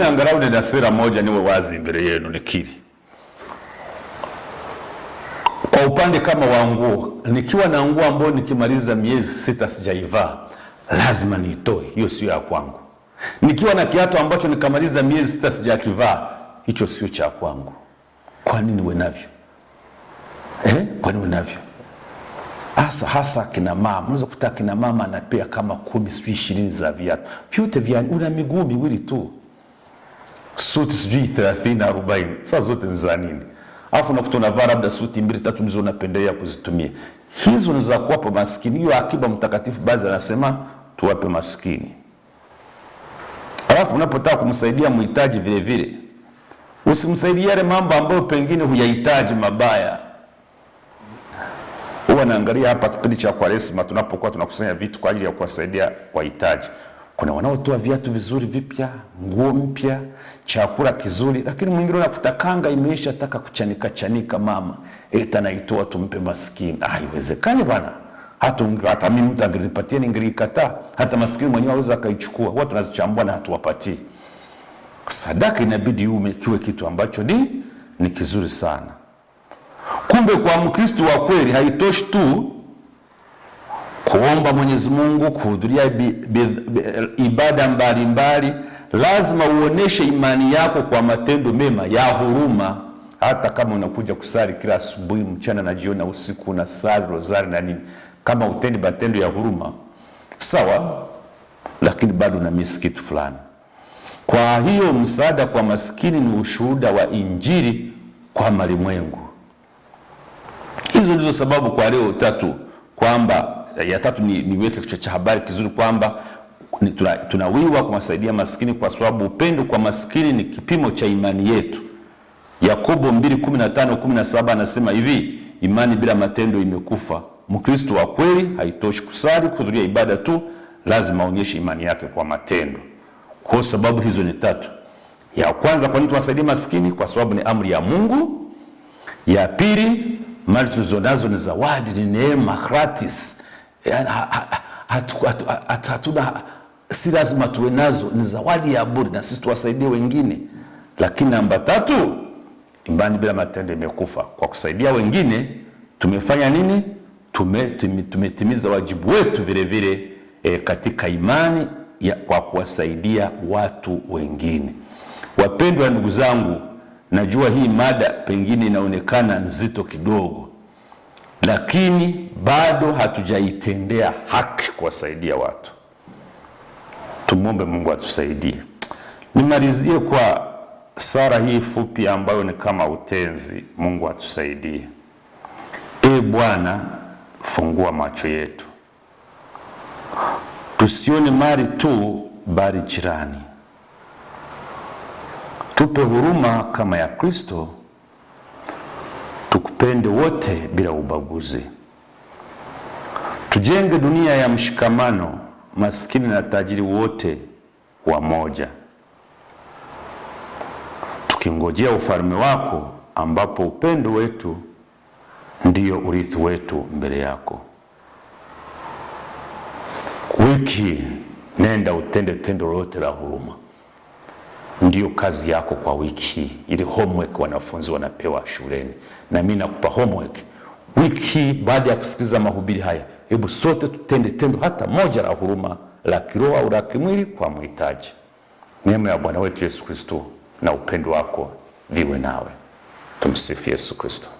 mimi angalau nina sera moja niwe wazi mbele yenu nikiri. Kwa upande kama wa nguo, nikiwa na nguo ambayo nikimaliza miezi sita sijaivaa lazima niitoe, hiyo sio ya kwangu. Nikiwa na kiatu ambacho nikamaliza miezi sita sijakivaa, hicho sio cha kwangu. Kwa nini we navyo eh? Kwa nini we navyo hasa hasa kina mama, unaweza kuta kina mama anapea kama kumi sijui ishirini za viatu vyote vya, una miguu miwili tu suti sijui 30 40, saa zote ni za nini? Alafu nakuta unavaa labda suti mbili tatu ndizo unapendelea kuzitumia. Hizo ni za kuwapa maskini. Hiyo akiba mtakatifu baadhi anasema tuwape maskini. Alafu unapotaka kumsaidia mhitaji vile vile usimsaidie yale mambo ambayo pengine huyahitaji mabaya. Huwa naangalia hapa kipindi cha Kwaresma tunapokuwa tunakusanya vitu kwa ajili ya kuwasaidia wahitaji. Kuna wanaotoa viatu vizuri vipya, nguo mpya, chakula kizuri, lakini mwingine unakuta kanga imeisha, taka kuchanika chanika, mama eta naitoa tumpe maskini. Ah, haiwezekani bwana, hata hata mimi mtu angenipatia ningelikataa, hata maskini mwenyewe aweza akaichukua. Watu wanazichambua na hatuwapatii sadaka. Inabidi ume kiwe kitu ambacho ni ni kizuri sana. Kumbe kwa Mkristo wa kweli haitoshi tu kuomba Mwenyezi Mungu kuhudhuria ibada mbalimbali, lazima uoneshe imani yako kwa matendo mema ya huruma. Hata kama unakuja kusali kila asubuhi, mchana na jioni na usiku, na sali rozari na nini, kama utendi matendo ya huruma sawa, lakini bado una kitu fulani. Kwa hiyo msaada kwa maskini ni ushuhuda wa Injili kwa malimwengu. Hizo ndizo sababu kwa leo tatu kwamba Eh, ya tatu ni niweke kichwa cha habari kizuri kwamba tunawiwa tuna kuwasaidia maskini kwa sababu upendo kwa maskini ni kipimo cha imani yetu. Yakobo 2:15 17 anasema hivi, imani bila matendo imekufa. Mkristo wa kweli haitoshi kusali, kuhudhuria ibada tu, lazima aonyeshe imani yake kwa matendo. Kwa sababu hizo ni tatu. Ya kwanza, kwa nini tuwasaidie maskini? Kwa sababu ni amri ya Mungu. Ya pili, mali tulizonazo ni zawadi, ni neema gratis yani, hatu, hatu, hatu, si lazima tuwe nazo, ni zawadi ya bure, na sisi tuwasaidie wengine. Lakini namba tatu, imani bila matendo imekufa. Kwa kusaidia wengine tumefanya nini? Tumetimiza tume, wajibu wetu vile vile e, katika imani ya, kwa kuwasaidia watu wengine. Wapendwa ndugu zangu, najua hii mada pengine inaonekana nzito kidogo lakini bado hatujaitendea haki kuwasaidia watu. Tumwombe Mungu atusaidie. Nimalizie kwa sara hii fupi ambayo ni kama utenzi. Mungu atusaidie. E Bwana, fungua macho yetu tusione mali tu, bali jirani. Tupe huruma kama ya Kristo tukupende wote bila ubaguzi, tujenge dunia ya mshikamano, maskini na tajiri wote wamoja, tukingojea ufalme wako ambapo upendo wetu ndiyo urithi wetu mbele yako. Wiki nenda utende tendo lote la huruma ndio kazi yako kwa wiki hii, ili homework wanafunzi wanapewa shuleni. Na mimi nakupa homework wiki, baada ya kusikiliza mahubiri haya, hebu sote tutende tendo hata moja la huruma la kiroho au la kimwili kwa mhitaji. Neema ya Bwana wetu Yesu Kristo na upendo wako viwe nawe. Tumsifu Yesu Kristo.